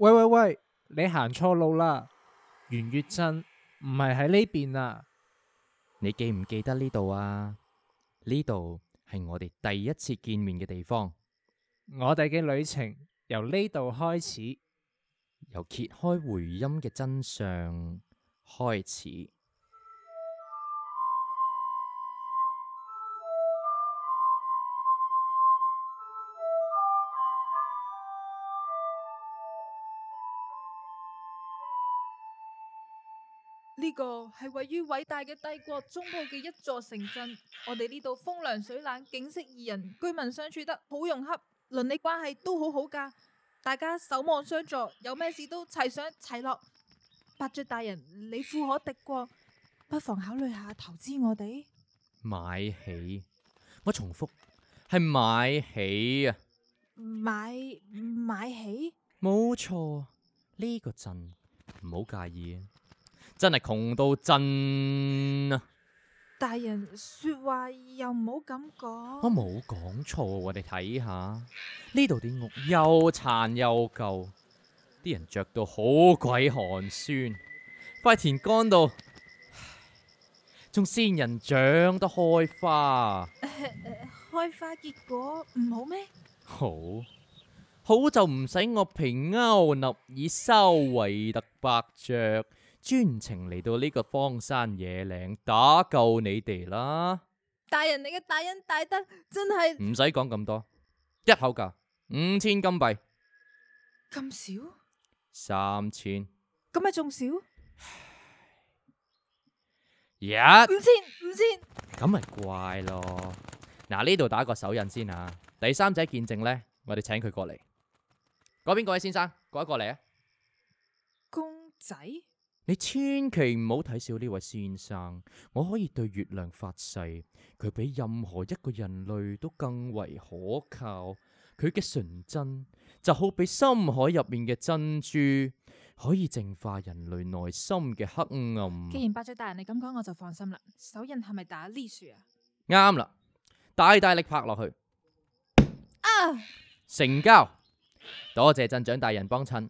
喂喂喂，你行錯路啦！圓月鎮唔係喺呢邊啊！你記唔記得呢度啊？呢度係我哋第一次見面嘅地方。我哋嘅旅程由呢度開始，由揭開回音嘅真相開始。呢個係位於偉大嘅帝國中部嘅一座城鎮。我哋呢度風涼水冷，景色宜人，居民相處得好融洽，鄰里關係都好好噶。大家守望相助，有咩事都齊上齊落。伯爵大人，你富可敵國，不妨考慮下投資我哋。買起，我重複，係買起啊！買買起？冇錯，呢個鎮唔好介意。真係窮到震啊！大人，說話又唔好咁講。我冇講錯，啊，我哋睇下呢度啲屋又殘又舊，啲人着到好鬼寒酸，塊田乾到，仲仙人掌都開花，呃。開花結果唔好咩？好，好就唔使我平歐納以修為特伯爵。專程嚟到呢個荒山野嶺打救你哋啦！大人，你嘅大恩大德真係唔使講咁多，一口價五千金幣，咁少？三千，咁咪仲少？一五千五千，咁咪怪咯！嗱，呢度打個手印先吓啊，第三者見證咧，我哋請佢過嚟，嗰邊嗰位先生，過一過嚟啊！公仔。你千祈唔好睇小呢位先生，我可以對月亮發誓，佢比任何一個人類都更為可靠。佢嘅純真就好比深海入面嘅珍珠，可以淨化人類內心嘅黑暗。既然八歲大人你咁講，我就放心啦。手印係咪打呢樹啊？啱啦，大大力拍落去。啊！成交，多謝鎮長大人幫襯。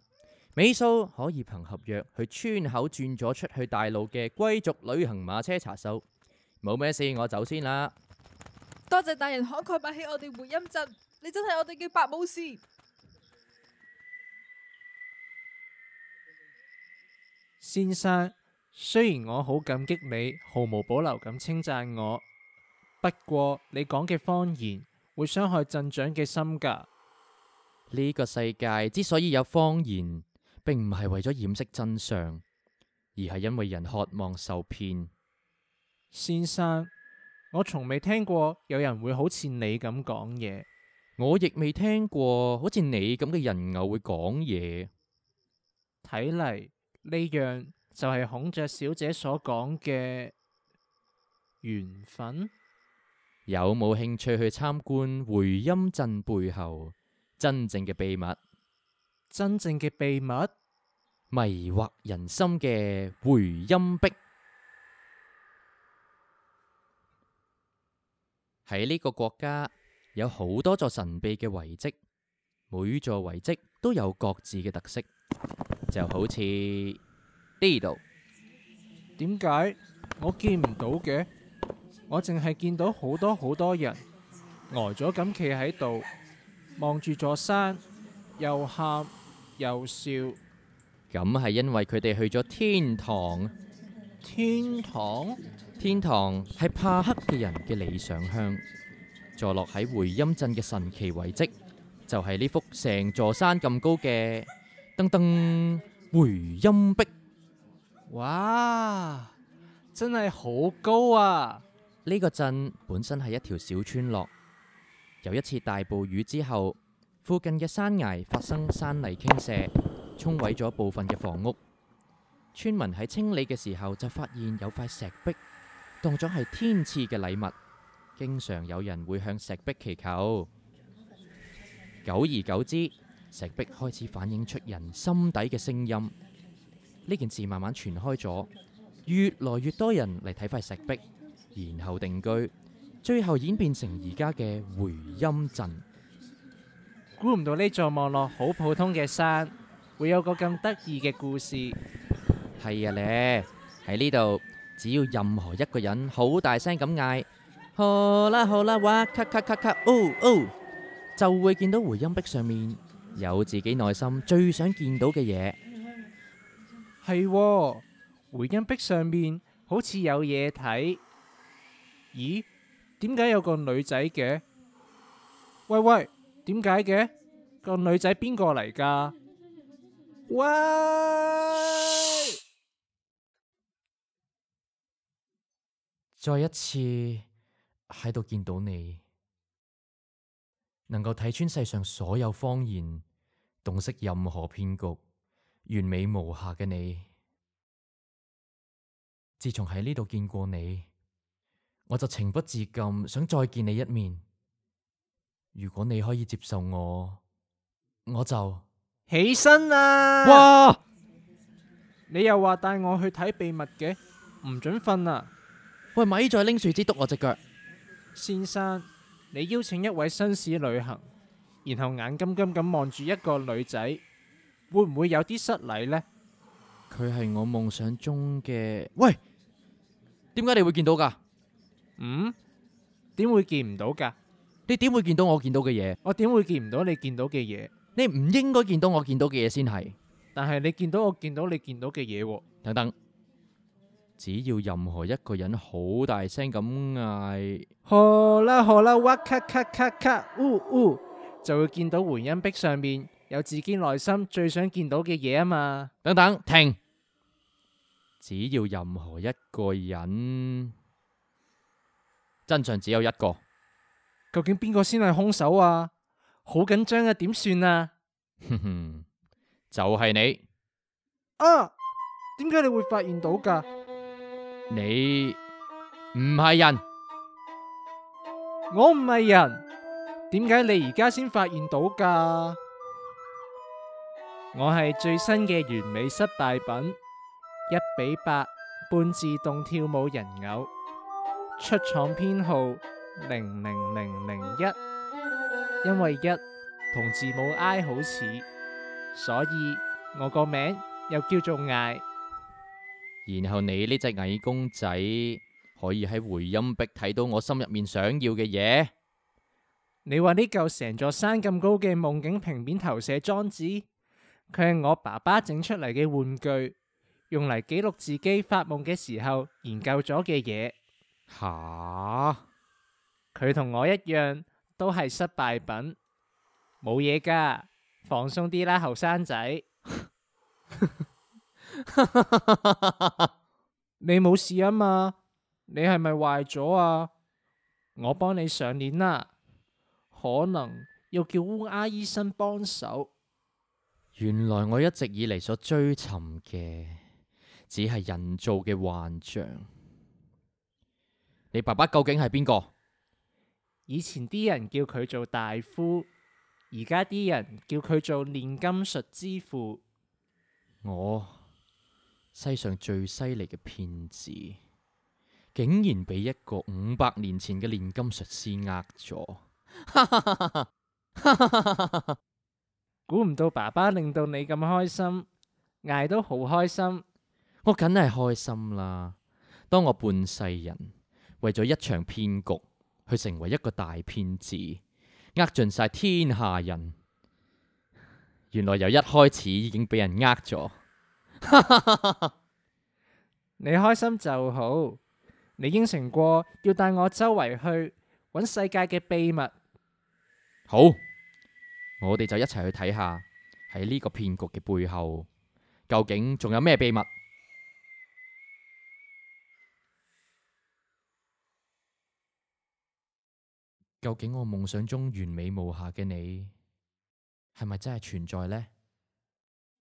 尾數可以憑合約去村口轉咗出去大路嘅貴族旅行馬車查數。冇咩事，我走先啦。多謝大人慷慨買起我哋回音鎮，你真係我哋嘅白武士。先生，雖然我好感激你，毫無保留咁稱讚我，不過你講嘅方言會傷害鎮長嘅心㗎。呢個世界之所以有方言。並唔係為咗掩飾真相，而係因為人渴望受騙。先生，我從未聽過有人會好似你咁講嘢。我亦未聽過好似你咁嘅人偶會講嘢。睇嚟，呢樣就係孔雀小姐所講嘅緣分。有冇興趣去參觀回音鎮背後真正嘅秘密？真正嘅秘密，迷惑人心嘅回音壁。喺呢個國家有好多座神秘嘅遺跡，每座遺跡都有各自嘅特色，就好似呢度。點解我見唔到嘅？我淨係見到好多好多人呆咗咁企喺度，望住座山，又喊。又笑，咁係因為佢哋去咗天堂。天堂？天堂係怕黑嘅人嘅理想鄉，坐落喺回音鎮嘅神奇遺跡，就係、是、呢幅成座山咁高嘅噔噔回音壁。哇，真係好高啊！呢個鎮本身係一條小村落，有一次大暴雨之後。附近嘅山崖發生山泥傾瀉，沖毀咗部分嘅房屋。村民喺清理嘅時候就發現有塊石壁，當咗係天賜嘅禮物。經常有人會向石壁祈求，久而久之，石壁開始反映出人心底嘅聲音。呢件事慢慢傳開咗，越來越多人嚟睇塊石壁，然後定居，最後演變成而家嘅回音鎮。估唔到呢座望落好普通嘅山，會有個咁得意嘅故事。係啊咧，喺呢度，只要任何一個人好大聲咁嗌，好啦好啦，哇咔咔咔咔，哦哦，就會見到回音壁上面有自己內心最想見到嘅嘢。係回音壁上面好似有嘢睇。咦？點解有個女仔嘅？喂喂！點解嘅？個女仔邊個嚟㗎？喂！再一次喺度見到你，能夠睇穿世上所有謊言，洞悉任何騙局，完美無瑕嘅你。自從喺呢度見過你，我就情不自禁想再見你一面。如果你可以接受我，我就起身啊。哇！你又話帶我去睇秘密嘅，唔准瞓啊！喂，咪再拎樹枝督我隻腳。先生，你邀請一位紳士旅行，然後眼金金咁望住一個女仔，會唔會有啲失禮呢？佢係我夢想中嘅。喂，點解你會見到㗎？嗯？點會見唔到㗎？你點會見到我見到嘅嘢？我點會見唔到你見到嘅嘢？你唔應該見到我見到嘅嘢先係，但係你見到我見到你見到嘅嘢喎。等等，只要任何一個人好大聲咁嗌，何啦何啦，哇咔咔咔咔，嗚嗚，就會見到回音壁上面有自己內心最想見到嘅嘢啊嘛。等等，停，只要任何一個人，真相只有一個。究竟邊個先係兇手啊？好緊張啊，點算啊？哼哼，就係你啊？點解你會發現到噶？你唔係人，我唔係人，點解你而家先發現到噶？我係最新嘅完美失敗品，一比八半自動跳舞人偶，出廠編號。零零零零一，因為一同字母 I 好似，所以我個名又叫做艾。然後你呢隻矮公仔可以喺回音壁睇到我心入面想要嘅嘢。你話呢嚿成座山咁高嘅夢境平面投射裝置，佢係我爸爸整出嚟嘅玩具，用嚟記錄自己發夢嘅時候研究咗嘅嘢。吓？佢同我一樣都係失敗品，冇嘢㗎，放鬆啲啦，後生仔。你冇事啊嘛？你係咪壞咗啊？我幫你上鏈啦，可能要叫烏鴉醫生幫手。原來我一直以嚟所追尋嘅，只係人造嘅幻象。你爸爸究竟係邊個？以前啲人叫佢做大夫，而家啲人叫佢做煉金術之父。我世上最犀利嘅騙子，竟然俾一個五百年前嘅煉金術師呃咗。哈哈哈！估唔到爸爸令到你咁開心，捱都好開心，我梗係開心啦。當我半世人為咗一場騙局。佢成為一個大騙子，呃盡晒天下人。原來由一開始已經俾人呃咗， 你開心就好。你應承過要帶我周圍去揾世界嘅秘密，好，我哋就一齊去睇下喺呢個騙局嘅背後究竟仲有咩秘密。究竟我夢想中完美無瑕嘅你，係咪真係存在呢？